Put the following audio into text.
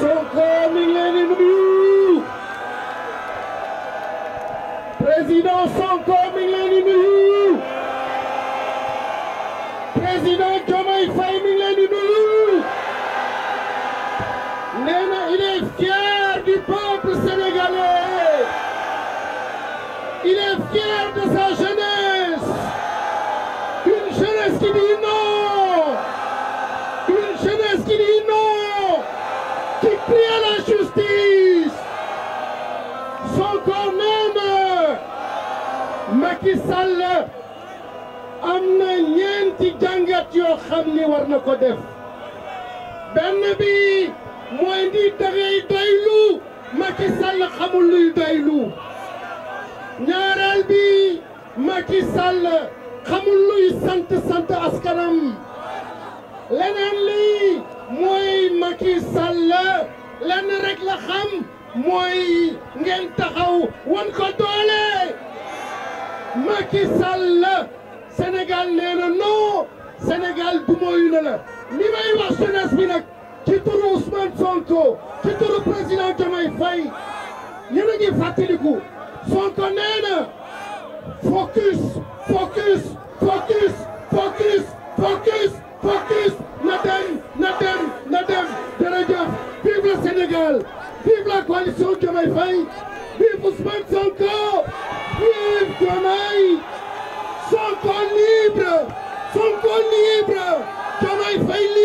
Sonko mi ngi leen di nuyu président Sonko mi ngi leen di nuyu président Diomaye Faye mi ngi leen di nuyu nee na il est fier du peuple sénégalais il est fier de sa jeunesse multiplier la justice. Son corps même am na ñeenti jàngat yoo xam ni war na ko def benn bi mooy ndi dangay doylu Macky xamul luy doylu ñaareel bi Macky xamul luy sant sant askanam leneen li Macky Sall lenn rek la xam mooy ngeen taxaw wan ko doole Macky Sall Sénégal nee na non Sénégal du mooyu na la li may wax jeunesse bi nag ci turu Ousmane Sonko ci turu président Diomaye Faye yéen a ngi fàttaliku Sonko nee na focus focus focus focus focus focus Vive le Sénégal Vive la coalition Diomaye Faye Vive Ousmane Sonko Vive Diomaye Sonko libre Sonko libre Diomaye Faye libre